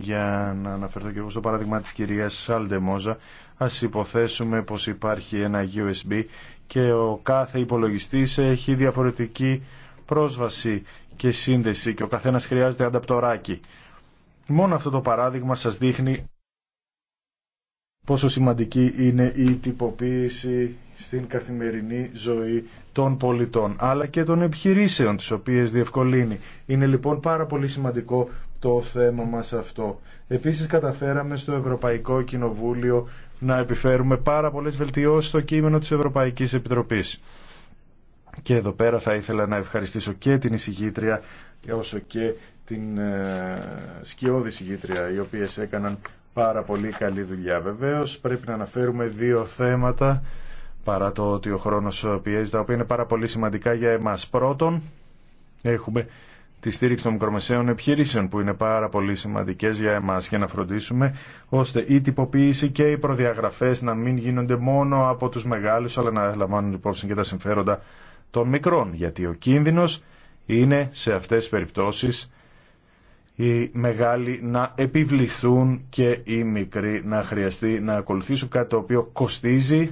Speaker 1: για να αναφερθώ και εγώ στο παράδειγμα της κυρίας Σάλντε Μόζα, ας υποθέσουμε πως υπάρχει ένα USB και ο κάθε υπολογιστής έχει διαφορετική πρόσβαση και σύνδεση και ο καθένας χρειάζεται ανταπτοράκι. Μόνο αυτό το παράδειγμα σας δείχνει πόσο σημαντική είναι η τυποποίηση στην καθημερινή ζωή των πολιτών αλλά και των επιχειρήσεων τις οποίες διευκολύνει. Είναι λοιπόν πάρα πολύ σημαντικό το θέμα μας αυτό. Επίσης καταφέραμε στο Ευρωπαϊκό Κοινοβούλιο να επιφέρουμε πάρα πολλές βελτιώσεις στο κείμενο της Ευρωπαϊκής Επιτροπής. Και εδώ πέρα θα ήθελα να ευχαριστήσω και την εισηγήτρια όσο και την ε, σκιώδη εισηγήτρια οι οποίες έκαναν πάρα πολύ καλή δουλειά. Βεβαίως πρέπει να αναφέρουμε δύο θέματα παρά το ότι ο χρόνος πιέζει τα οποία είναι πάρα πολύ σημαντικά για εμάς. Πρώτον έχουμε τη στήριξη των μικρομεσαίων επιχειρήσεων που είναι πάρα πολύ σημαντικές για εμάς και να φροντίσουμε ώστε η τυποποίηση και οι προδιαγραφές να μην γίνονται μόνο από τους μεγάλους αλλά να λαμβάνουν υπόψη και τα συμφέροντα των μικρών γιατί ο κίνδυνος είναι σε αυτές τις περιπτώσεις οι μεγάλοι να επιβληθούν και οι μικροί να χρειαστεί να ακολουθήσουν κάτι το οποίο κοστίζει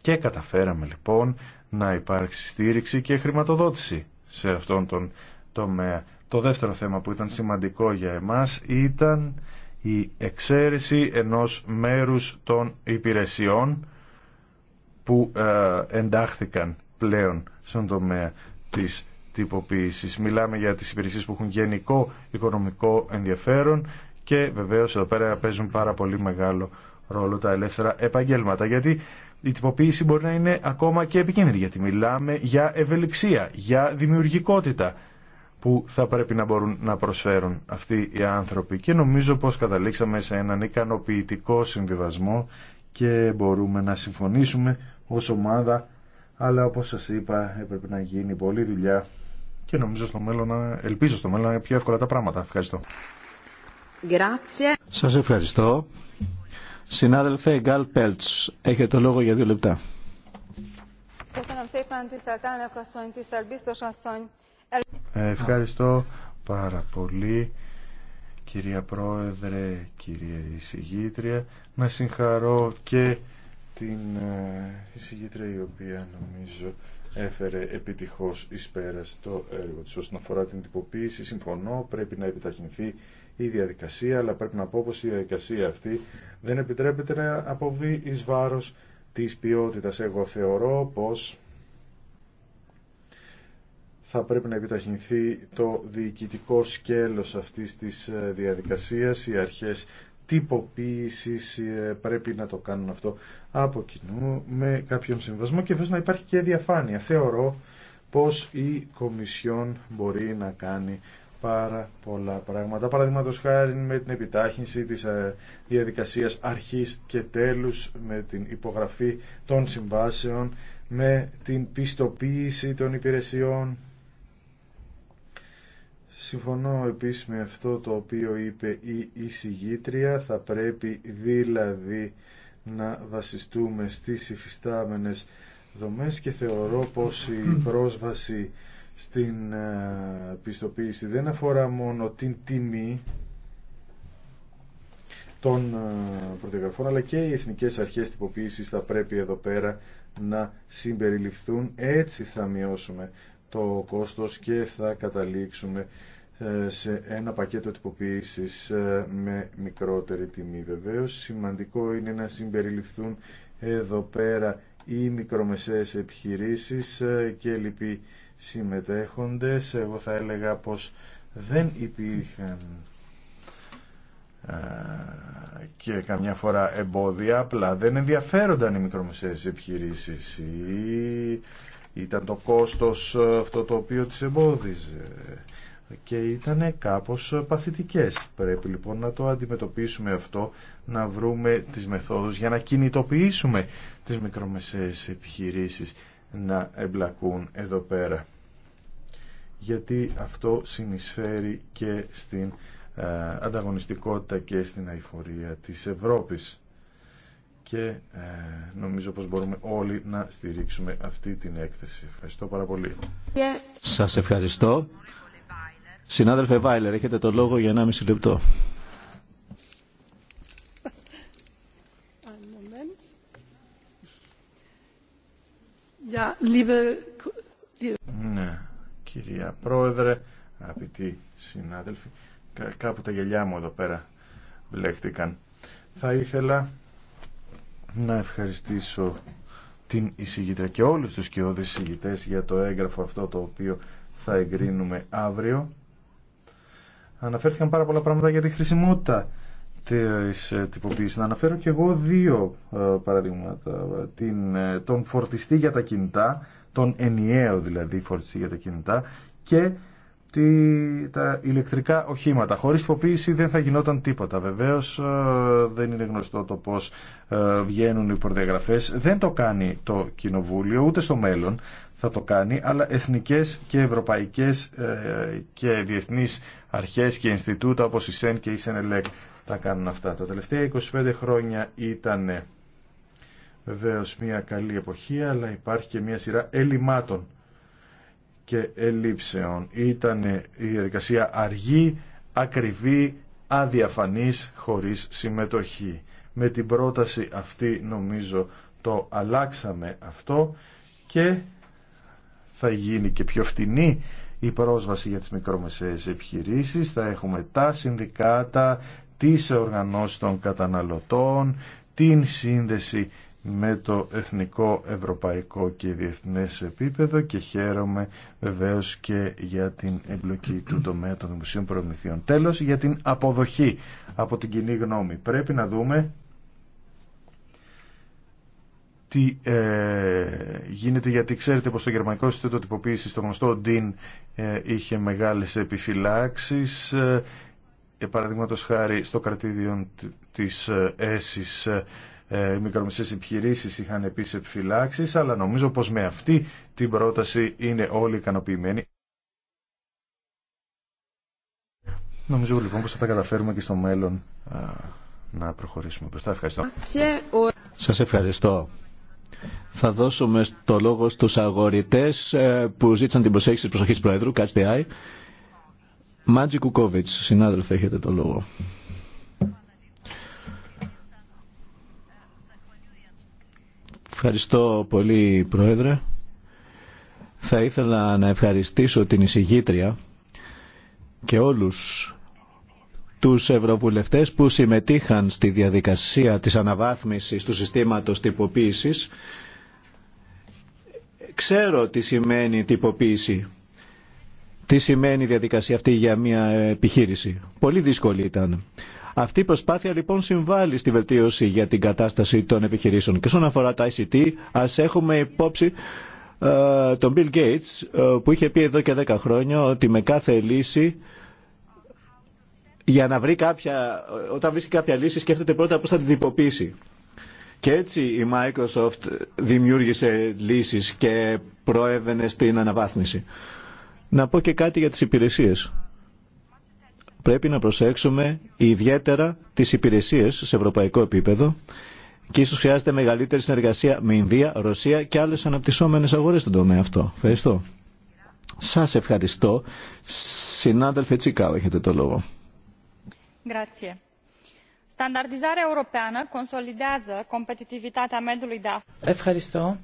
Speaker 1: και καταφέραμε λοιπόν να υπάρξει στήριξη και χρηματοδότηση σε αυτόν τον τομέα. Το δεύτερο θέμα που ήταν σημαντικό για εμάς ήταν η εξαίρεση ενός μέρους των υπηρεσιών που ε, εντάχθηκαν πλέον στον τομέα της τυποποίησης. Μιλάμε για τις υπηρεσίες που έχουν γενικό οικονομικό ενδιαφέρον και βεβαίως εδώ πέρα παίζουν πάρα πολύ μεγάλο ρόλο τα ελεύθερα επαγγέλματα γιατί η τυποποίηση μπορεί να είναι ακόμα και επικίνδυνη γιατί μιλάμε για ευελιξία, για δημιουργικότητα που θα πρέπει να μπορούν να προσφέρουν αυτοί οι άνθρωποι και νομίζω πως καταλήξαμε σε έναν ικανοποιητικό συμβιβασμό και μπορούμε να συμφωνήσουμε ως ομάδα αλλά όπως σας είπα έπρεπε να γίνει πολλή δουλειά και νομίζω στο μέλλον να ελπίζω στο μέλλον να είναι πιο εύκολα τα πράγματα. Ευχαριστώ.
Speaker 2: Grazie. Σας ευχαριστώ. Συνάδελφε Γκάλ Πέλτς, έχετε το λόγο για δύο λεπτά.
Speaker 1: Ευχαριστώ πάρα πολύ κυρία Πρόεδρε, κυρία Εισηγήτρια. Να συγχαρώ και την ε, εισηγήτρια η οποία νομίζω έφερε επιτυχώς εις πέρας το έργο της. Όσον αφορά την τυποποίηση, συμφωνώ, πρέπει να επιταχυνθεί η διαδικασία, αλλά πρέπει να πω πως η διαδικασία αυτή δεν επιτρέπεται να αποβεί εις βάρος της ποιότητας. Εγώ θεωρώ πως θα πρέπει να επιταχυνθεί το διοικητικό σκέλος αυτής της ε, διαδικασίας, οι αρχές τυποποίησης ε, πρέπει να το κάνουν αυτό από κοινού με κάποιον συμβασμό και βέβαια να υπάρχει και διαφάνεια. Θεωρώ πως η Κομισιόν μπορεί να κάνει πάρα πολλά πράγματα. Παραδείγματο χάρη με την επιτάχυνση της ε, διαδικασία αρχής και τέλους, με την υπογραφή των συμβάσεων, με την πιστοποίηση των υπηρεσιών. Συμφωνώ επίσης με αυτό το οποίο είπε η εισηγήτρια, θα πρέπει δηλαδή να βασιστούμε στις υφιστάμενες δομές και θεωρώ πως η [CLEARS THROAT] πρόσβαση στην ε, πιστοποίηση δεν αφορά μόνο την τιμή των ε, πρωτογραφών αλλά και οι εθνικές αρχές τυποποίησης θα πρέπει εδώ πέρα να συμπεριληφθούν έτσι θα μειώσουμε το κόστος και θα καταλήξουμε ε, σε ένα πακέτο τυποποίησης με μικρότερη τιμή βεβαίως. Σημαντικό είναι να συμπεριληφθούν εδώ πέρα οι μικρομεσαίες επιχειρήσεις και λοιποί συμμετέχοντες. Εγώ θα έλεγα πως δεν υπήρχαν ε, και καμιά φορά εμπόδια, απλά δεν ενδιαφέρονταν οι μικρομεσαίες επιχειρήσεις ή ήταν το κόστος ε, αυτό το οποίο τις εμπόδιζε και ήταν κάπως παθητικές. Πρέπει λοιπόν να το αντιμετωπίσουμε αυτό, να βρούμε τις μεθόδους για να κινητοποιήσουμε τις μικρομεσαίες επιχειρήσεις να εμπλακούν εδώ πέρα. Γιατί αυτό συνεισφέρει και στην ε, ανταγωνιστικότητα και στην αηφορία της Ευρώπης. Και ε, νομίζω πως μπορούμε όλοι να στηρίξουμε αυτή την έκθεση. Ευχαριστώ πάρα πολύ.
Speaker 2: Σας ευχαριστώ. Συνάδελφε Βάιλερ, έχετε το λόγο για 1,5 λεπτό.
Speaker 3: Ναι,
Speaker 1: κυρία Πρόεδρε, αγαπητοί συνάδελφοι, κάπου τα γελιά μου εδώ πέρα βλέχτηκαν. Θα ήθελα να ευχαριστήσω την εισηγήτρια και όλους τους κοιόδης εισηγητές για το έγγραφο αυτό το οποίο θα εγκρίνουμε αύριο. Αναφέρθηκαν πάρα πολλά πράγματα για τη χρησιμότητα της ε, τυποποίησης. Να αναφέρω και εγώ δύο ε, παραδείγματα. Την, ε, τον φορτιστή για τα κινητά, τον ενιαίο δηλαδή φορτιστή για τα κινητά και τη, τα ηλεκτρικά οχήματα. Χωρίς τυποποίηση δεν θα γινόταν τίποτα. Βεβαίως δεν είναι γνωστό το πώς βγαίνουν οι προδιαγραφές. Δεν το κάνει το Κοινοβούλιο, ούτε στο μέλλον θα το κάνει, αλλά εθνικές και ευρωπαϊκές και διεθνείς αρχές και Ινστιτούτα όπως η ΣΕΝ και η ΣΕΝΕΛΕΚ τα κάνουν αυτά. Τα τελευταία 25 χρόνια ήταν βεβαίως μια καλή εποχή, αλλά υπάρχει και μια σειρά ελλημάτων και ελλείψεων. Ήταν η διαδικασία αργή, ακριβή, αδιαφανής, χωρίς συμμετοχή. Με την πρόταση αυτή νομίζω το αλλάξαμε αυτό και θα γίνει και πιο φτηνή η πρόσβαση για τις μικρομεσαίες επιχειρήσεις, θα έχουμε τα συνδικάτα, τις οργανώσεις των καταναλωτών, την σύνδεση με το εθνικό, ευρωπαϊκό και διεθνές επίπεδο και χαίρομαι βεβαίως και για την εμπλοκή του τομέα των δημοσίων προμηθειών. Τέλος, για την αποδοχή από την κοινή γνώμη. Πρέπει να δούμε τι ε, γίνεται, γιατί ξέρετε πως το Γερμανικό Ινστιτούτο Τυποποίησης, το γνωστό DIN, ε, είχε μεγάλες επιφυλάξεις. Ε, για παραδείγματος χάρη στο κρατήδιο της ΕΣΥΣ, ε, ε, οι μικρομεσαίες επιχειρήσεις είχαν επίσης επιφυλάξεις, αλλά νομίζω πως με αυτή την πρόταση είναι όλοι ικανοποιημένοι. Νομίζω λοιπόν πως θα τα καταφέρουμε και στο
Speaker 2: μέλλον να προχωρήσουμε μπροστά. Ευχαριστώ. Σας ευχαριστώ. Θα δώσουμε το λόγο στους αγορητές ε, που ζήτησαν την προσέγγιση της προσοχής Προέδρου, Catch Μάτζι Κουκόβιτς, συνάδελφε, έχετε το λόγο. Ευχαριστώ πολύ, Πρόεδρε. Θα ήθελα να ευχαριστήσω την εισηγήτρια και όλους τους ευρωβουλευτές που συμμετείχαν στη διαδικασία της αναβάθμισης του συστήματος τυποποίησης. Ξέρω τι σημαίνει τυποποίηση τι σημαίνει η διαδικασία αυτή για μια επιχείρηση. Πολύ δύσκολη ήταν. Αυτή η προσπάθεια λοιπόν συμβάλλει στη βελτίωση για την κατάσταση των επιχειρήσεων. Και όσον αφορά τα ICT, ας έχουμε υπόψη ε, τον Bill Gates ε, που είχε πει εδώ και 10 χρόνια ότι με κάθε λύση για να βρει κάποια, όταν βρίσκει κάποια λύση σκέφτεται πρώτα πώς θα την τυποποιήσει. Και έτσι η Microsoft δημιούργησε λύσεις και προέβαινε στην αναβάθμιση. Να πω και κάτι για τις υπηρεσίες. Πρέπει να προσέξουμε ιδιαίτερα τις υπηρεσίες σε ευρωπαϊκό επίπεδο και ίσως χρειάζεται μεγαλύτερη συνεργασία με Ινδία, Ρωσία και άλλες αναπτυσσόμενες αγορές στον τομέα αυτό. Ευχαριστώ. Σας ευχαριστώ. Συνάδελφε Τσικάου, έχετε το λόγο.
Speaker 3: Ευχαριστώ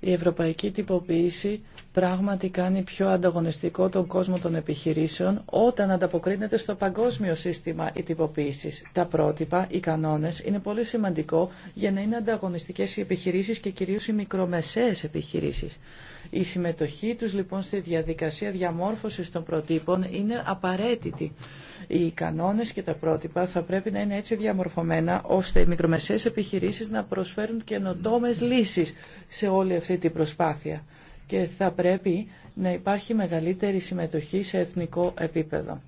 Speaker 3: η ευρωπαϊκή τυποποίηση πράγματι κάνει πιο ανταγωνιστικό τον κόσμο των επιχειρήσεων όταν ανταποκρίνεται στο παγκόσμιο σύστημα η τυποποίηση. Τα πρότυπα, οι κανόνε, είναι πολύ σημαντικό για να είναι ανταγωνιστικέ οι επιχειρήσει και κυρίω οι μικρομεσαίε επιχειρήσει. Η συμμετοχή του λοιπόν στη διαδικασία διαμόρφωση των προτύπων είναι απαραίτητη. Οι κανόνε και τα πρότυπα θα πρέπει να είναι έτσι διαμορφωμένα ώστε οι μικρομεσαίες επιχειρήσει να προσφέρουν καινοτόμε λύσει σε όλη αυτή αυτή την προσπάθεια και θα πρέπει να υπάρχει μεγαλύτερη συμμετοχή σε εθνικό επίπεδο.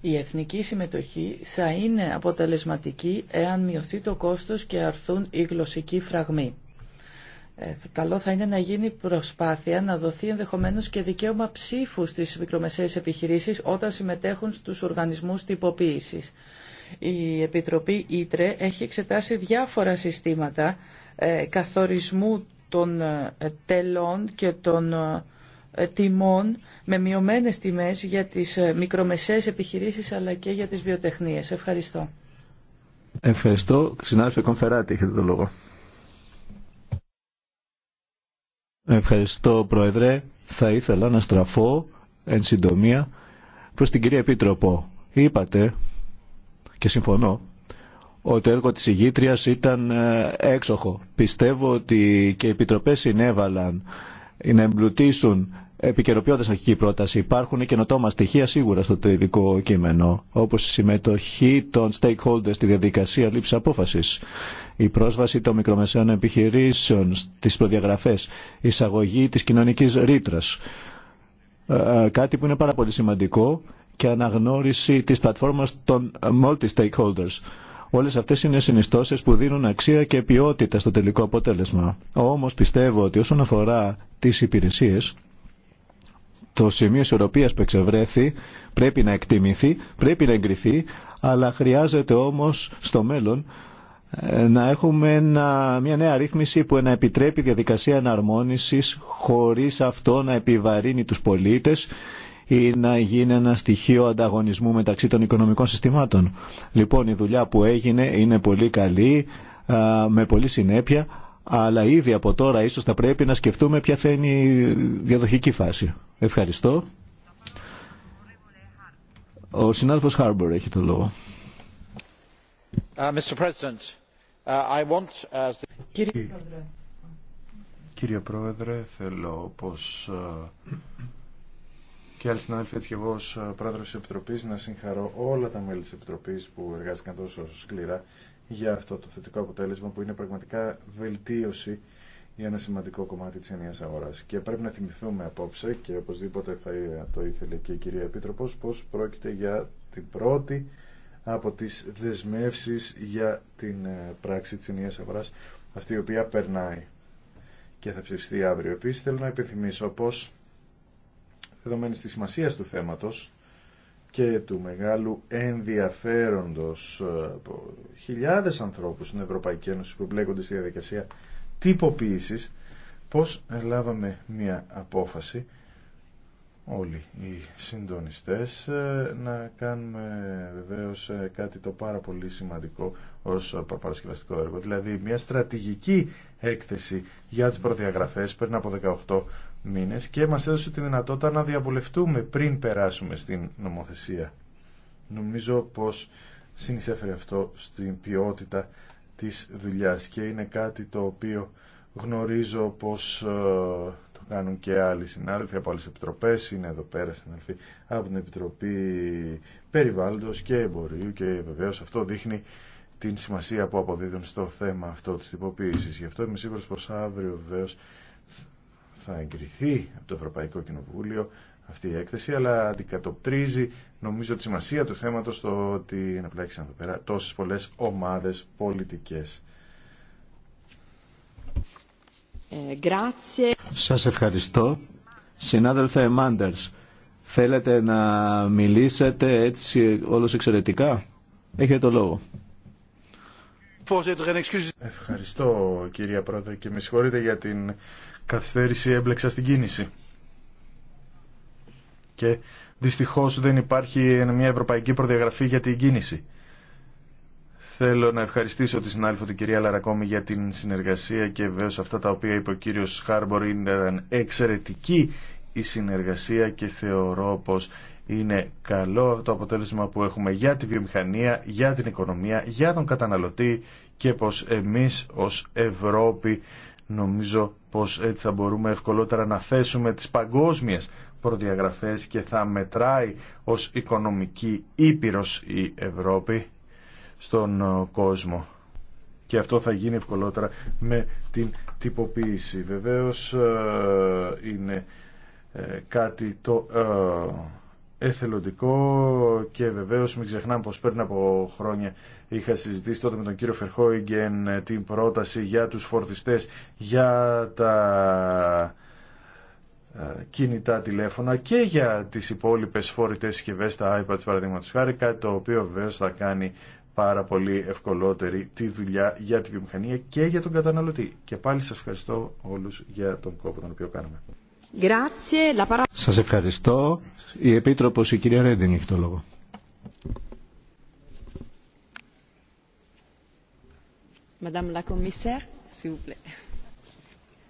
Speaker 3: Η εθνική συμμετοχή θα είναι αποτελεσματική εάν μειωθεί το κόστος και αρθούν οι γλωσσικοί φραγμοί. Καλό ε, θα είναι να γίνει προσπάθεια να δοθεί ενδεχομένως και δικαίωμα ψήφου στις μικρομεσαίες επιχειρήσεις όταν συμμετέχουν στους οργανισμούς τυποποίησης. Η Επιτροπή Ήτρε έχει εξετάσει διάφορα συστήματα ε, καθορισμού των ε, τελών και των ε, τιμών με μειωμένες τιμές για τις μικρομεσαίες επιχειρήσεις αλλά και για τις βιοτεχνίες. Ευχαριστώ.
Speaker 2: Ευχαριστώ. Συνάδελφε Κομφεράτη, έχετε το λόγο. Ευχαριστώ, Πρόεδρε. Θα ήθελα να στραφώ, εν συντομία, προς την κυρία Επίτροπο. Είπατε, και συμφωνώ, ότι το έργο της ηγήτριας ήταν ε, έξοχο. Πιστεύω ότι και οι επιτροπές συνέβαλαν να εμπλουτίσουν επικαιροποιώντας αρχική πρόταση. Υπάρχουν καινοτόμα στοιχεία σίγουρα στο τελικό κείμενο, όπως η συμμετοχή των stakeholders στη διαδικασία λήψης απόφασης, η πρόσβαση των μικρομεσαίων επιχειρήσεων στις προδιαγραφές, η εισαγωγή της κοινωνικής ρήτρα. Ε, ε, κάτι που είναι πάρα πολύ σημαντικό και αναγνώριση της πλατφόρμας των multi-stakeholders Όλες αυτές είναι συνιστώσει που δίνουν αξία και ποιότητα στο τελικό αποτέλεσμα. Όμως πιστεύω ότι όσον αφορά τις υπηρεσίες, το σημείο ισορροπία που εξευρέθη πρέπει να εκτιμηθεί, πρέπει να εγκριθεί, αλλά χρειάζεται όμως στο μέλλον ε, να έχουμε μια νέα ρύθμιση που να επιτρέπει διαδικασία εναρμόνισης χωρίς αυτό να επιβαρύνει τους πολίτες ή να γίνει ένα στοιχείο ανταγωνισμού μεταξύ των οικονομικών συστημάτων. Λοιπόν, η δουλειά που έγινε είναι πολύ καλή, με πολύ συνέπεια, αλλά ήδη από τώρα ίσως θα πρέπει να σκεφτούμε ποια θα είναι η διαδοχική φάση. Ευχαριστώ. Ο συνάδελφος Χάρμπορ έχει το λόγο. Uh, uh, uh,
Speaker 1: Κύριε Πρόεδρε, θέλω πως και άλλοι συνάδελφοι, έτσι και εγώ ως ε, πρόεδρος της Επιτροπής, να συγχαρώ όλα τα μέλη της Επιτροπής που εργάστηκαν τόσο σκληρά για αυτό το θετικό αποτέλεσμα που είναι πραγματικά βελτίωση για ένα σημαντικό κομμάτι της ενιαίας αγοράς. Και πρέπει να θυμηθούμε απόψε και οπωσδήποτε θα ε, το ήθελε και η κυρία Επίτροπος πως πρόκειται για την πρώτη από τις δεσμεύσεις για την ε, πράξη της ενιαίας αγοράς αυτή η οποία περνάει και θα ψηφιστεί αύριο. Επίσης θέλω να υπενθυμίσω πως δεδομένης της σημασίας του θέματος και του μεγάλου ενδιαφέροντος ε, από χιλιάδες ανθρώπους στην Ευρωπαϊκή Ένωση που μπλέκονται στη διαδικασία τυποποίησης, πώς λάβαμε μία απόφαση όλοι οι συντονιστές ε, να κάνουμε βεβαίως ε, κάτι το πάρα πολύ σημαντικό ως παρασκευαστικό έργο δηλαδή μια στρατηγική έκθεση για τις προδιαγραφές πριν από 18 μήνες και μας έδωσε τη δυνατότητα να διαβουλευτούμε πριν περάσουμε στην νομοθεσία. Νομίζω πως συνεισέφερε αυτό στην ποιότητα της δουλειάς και είναι κάτι το οποίο γνωρίζω πως ε, το κάνουν και άλλοι συνάδελφοι από άλλες επιτροπές, είναι εδώ πέρα συνάδελφοι από την Επιτροπή Περιβάλλοντος και Εμπορίου και βεβαίως αυτό δείχνει την σημασία που αποδίδουν στο θέμα αυτό της τυποποίησης. Γι' αυτό είμαι σίγουρος πως αύριο βεβαίως θα εγκριθεί από το Ευρωπαϊκό Κοινοβούλιο αυτή η έκθεση, αλλά αντικατοπτρίζει νομίζω τη σημασία του θέματος στο ότι εναπλάξαν εδώ πέρα τόσες πολλές ομάδες πολιτικές.
Speaker 3: Ε,
Speaker 2: Σας ευχαριστώ. Συνάδελφε Μάντερς, θέλετε να μιλήσετε έτσι όλος εξαιρετικά. Έχετε το λόγο.
Speaker 1: Ευχαριστώ κυρία Πρόεδρε και με συγχωρείτε για την καθυστέρηση έμπλεξα στην κίνηση. Και δυστυχώς δεν υπάρχει μια ευρωπαϊκή προδιαγραφή για την κίνηση. Θέλω να ευχαριστήσω τη συνάδελφο την κυρία Λαρακόμη για την συνεργασία και βεβαίω αυτά τα οποία είπε ο κύριο Χάρμπορ είναι εξαιρετική η συνεργασία και θεωρώ πως είναι καλό το αποτέλεσμα που έχουμε για τη βιομηχανία, για την οικονομία, για τον καταναλωτή και πως εμείς ως Ευρώπη Νομίζω πως έτσι θα μπορούμε ευκολότερα να θέσουμε τις παγκόσμιες προδιαγραφές και θα μετράει ως οικονομική ήπειρος η Ευρώπη στον ε, κόσμο. Και αυτό θα γίνει ευκολότερα με την τυποποίηση. Βεβαίως ε, είναι ε, κάτι το εθελοντικό και βεβαίως μην ξεχνάμε πως πριν από χρόνια είχα συζητήσει τότε με τον κύριο Φερχόιγγεν ε, την πρόταση για τους φορτιστές για τα ε, κινητά τηλέφωνα και για τις υπόλοιπες φορητές συσκευέ τα iPads παραδείγματος χάρη κάτι το οποίο βεβαίως θα κάνει πάρα πολύ ευκολότερη τη δουλειά για τη βιομηχανία και για τον καταναλωτή. Και πάλι σας ευχαριστώ όλους για τον κόπο τον οποίο κάναμε.
Speaker 2: Σας ευχαριστώ. Η Επίτροπος, η κυρία Ρέντινγκ, έχει το λόγο.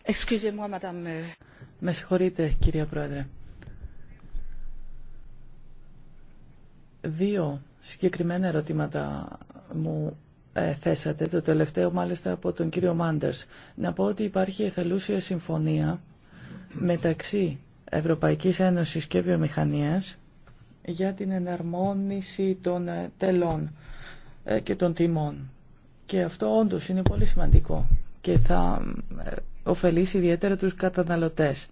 Speaker 3: Euh, Με συγχωρείτε, κυρία Πρόεδρε. Δύο συγκεκριμένα ερωτήματα μου ε, θέσατε, το τελευταίο μάλιστα από τον κύριο Μάντερς. Να πω ότι υπάρχει εθελούσια συμφωνία μεταξύ Ευρωπαϊκής Ένωσης και Βιομηχανίας για την εναρμόνιση των ε, τελών ε, και των τιμών. Και αυτό όντως είναι πολύ σημαντικό και θα ε, ωφελήσει ιδιαίτερα τους καταναλωτές.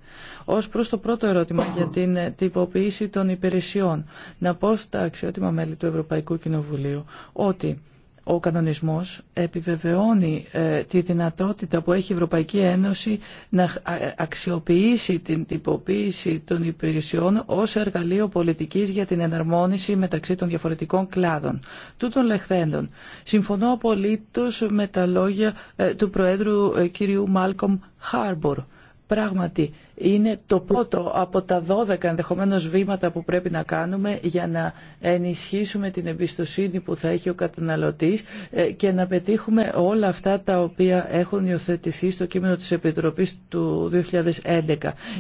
Speaker 3: Ως προς το πρώτο ερώτημα για την τυποποίηση των υπηρεσιών, να πω στα αξιότιμα μέλη του Ευρωπαϊκού Κοινοβουλίου ότι ο κανονισμός επιβεβαιώνει ε, τη δυνατότητα που έχει η Ευρωπαϊκή Ένωση να ε, αξιοποιήσει την τυποποίηση των υπηρεσιών ως εργαλείο πολιτικής για την εναρμόνιση μεταξύ των διαφορετικών κλάδων. Τούτων λεχθέντων. Συμφωνώ απολύτως με τα λόγια ε, του Προέδρου κ. Μάλκομ Χάρμπορ. Πράγματι, είναι το πρώτο από τα 12 ενδεχομένως βήματα που πρέπει να κάνουμε για να ενισχύσουμε την εμπιστοσύνη που θα έχει ο καταναλωτής ε, και να πετύχουμε όλα αυτά τα οποία έχουν υιοθετηθεί στο κείμενο της Επιτροπής του 2011.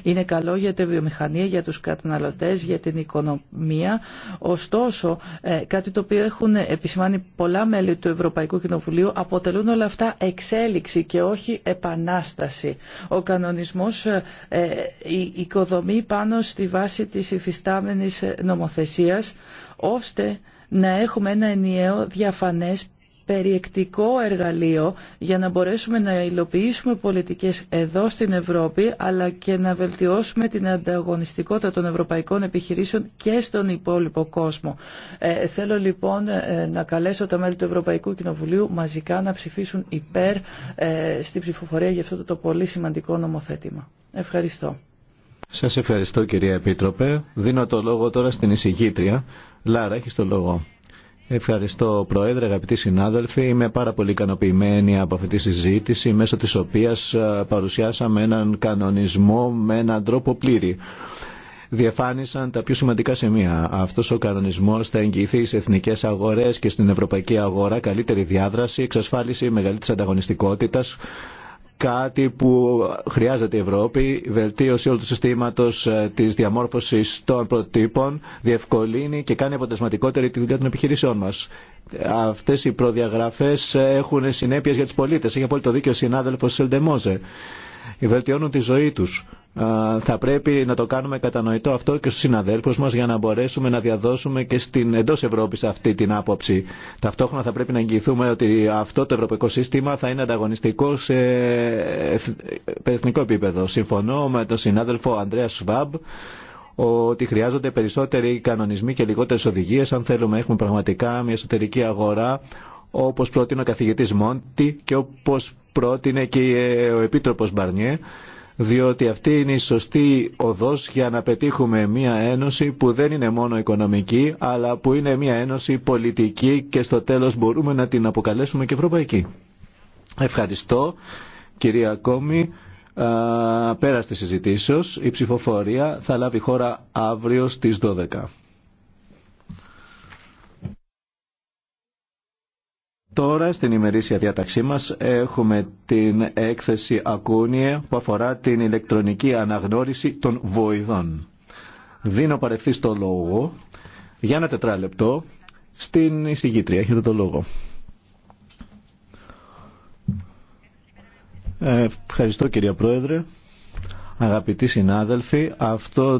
Speaker 3: Είναι καλό για τη βιομηχανία, για τους καταναλωτές, για την οικονομία. Ωστόσο, ε, κάτι το οποίο έχουν επισημάνει πολλά μέλη του Ευρωπαϊκού Κοινοβουλίου, αποτελούν όλα αυτά εξέλιξη και όχι επανάσταση. Ο κανονισμός ε, ε, η οικοδομή πάνω στη βάση της υφιστάμενης νομοθεσίας ώστε να έχουμε ένα ενιαίο διαφανές περιεκτικό εργαλείο για να μπορέσουμε να υλοποιήσουμε πολιτικές εδώ στην Ευρώπη αλλά και να βελτιώσουμε την ανταγωνιστικότητα των ευρωπαϊκών επιχειρήσεων και στον υπόλοιπο κόσμο. Ε, θέλω λοιπόν ε, να καλέσω τα μέλη του Ευρωπαϊκού Κοινοβουλίου μαζικά να ψηφίσουν υπέρ ε, στη ψηφοφορία για αυτό το, το πολύ σημαντικό νομοθέτημα. Ευχαριστώ.
Speaker 2: Σας ευχαριστώ κυρία Επίτροπε. Δίνω το λόγο τώρα στην εισηγήτρια. Λάρα, έχεις το λόγο. Ευχαριστώ Πρόεδρε, αγαπητοί συνάδελφοι. Είμαι πάρα πολύ ικανοποιημένη από αυτή τη συζήτηση μέσω της οποίας παρουσιάσαμε έναν κανονισμό με έναν τρόπο πλήρη. Διεφάνισαν τα πιο σημαντικά σημεία. Αυτός ο κανονισμός θα εγγυηθεί στις εθνικές αγορές και στην ευρωπαϊκή αγορά καλύτερη διάδραση, εξασφάλιση μεγαλύτερης ανταγωνιστικότητας, κάτι που χρειάζεται η Ευρώπη, βελτίωση όλου του συστήματο ε, της διαμόρφωσης των προτύπων, διευκολύνει και κάνει αποτελεσματικότερη τη δουλειά των επιχειρήσεών μα. Αυτές οι προδιαγραφές έχουν συνέπειε για του πολίτες. Έχει απόλυτο δίκιο ο συνάδελφο. Σελντεμόζε. Ε, βελτιώνουν τη ζωή τους. Θα πρέπει να το κάνουμε κατανοητό αυτό και στους συναδέλφους μας για να μπορέσουμε να διαδώσουμε και στην εντός Ευρώπης αυτή την άποψη. Ταυτόχρονα θα πρέπει να εγγυηθούμε ότι αυτό το ευρωπαϊκό σύστημα θα είναι ανταγωνιστικό σε ε, ε, εθνικό επίπεδο. Συμφωνώ με τον συνάδελφο Ανδρέα Σβάμπ ότι χρειάζονται περισσότεροι κανονισμοί και λιγότερες οδηγίες αν θέλουμε έχουμε πραγματικά μια εσωτερική αγορά όπως πρότεινε ο Καθηγητή Μόντι και όπως πρότεινε και ε, ο Επίτροπος Μπαρνιέ, διότι αυτή είναι η σωστή οδός για να πετύχουμε μια ένωση που δεν είναι μόνο οικονομική, αλλά που είναι μια ένωση πολιτική και στο τέλος μπορούμε να την αποκαλέσουμε και ευρωπαϊκή. Ευχαριστώ, κυρία Κόμη. Πέρα τη συζητήσεως, η ψηφοφορία θα λάβει χώρα αύριο στις 12. Τώρα στην ημερήσια διάταξή μας έχουμε την έκθεση ακούνια που αφορά την ηλεκτρονική αναγνώριση των βοηδών. Δίνω παρευθύ το λόγο για ένα τετράλεπτο στην εισηγήτρια. Έχετε το λόγο. Ε, ευχαριστώ κυρία Πρόεδρε. Αγαπητοί συνάδελφοι, αυτό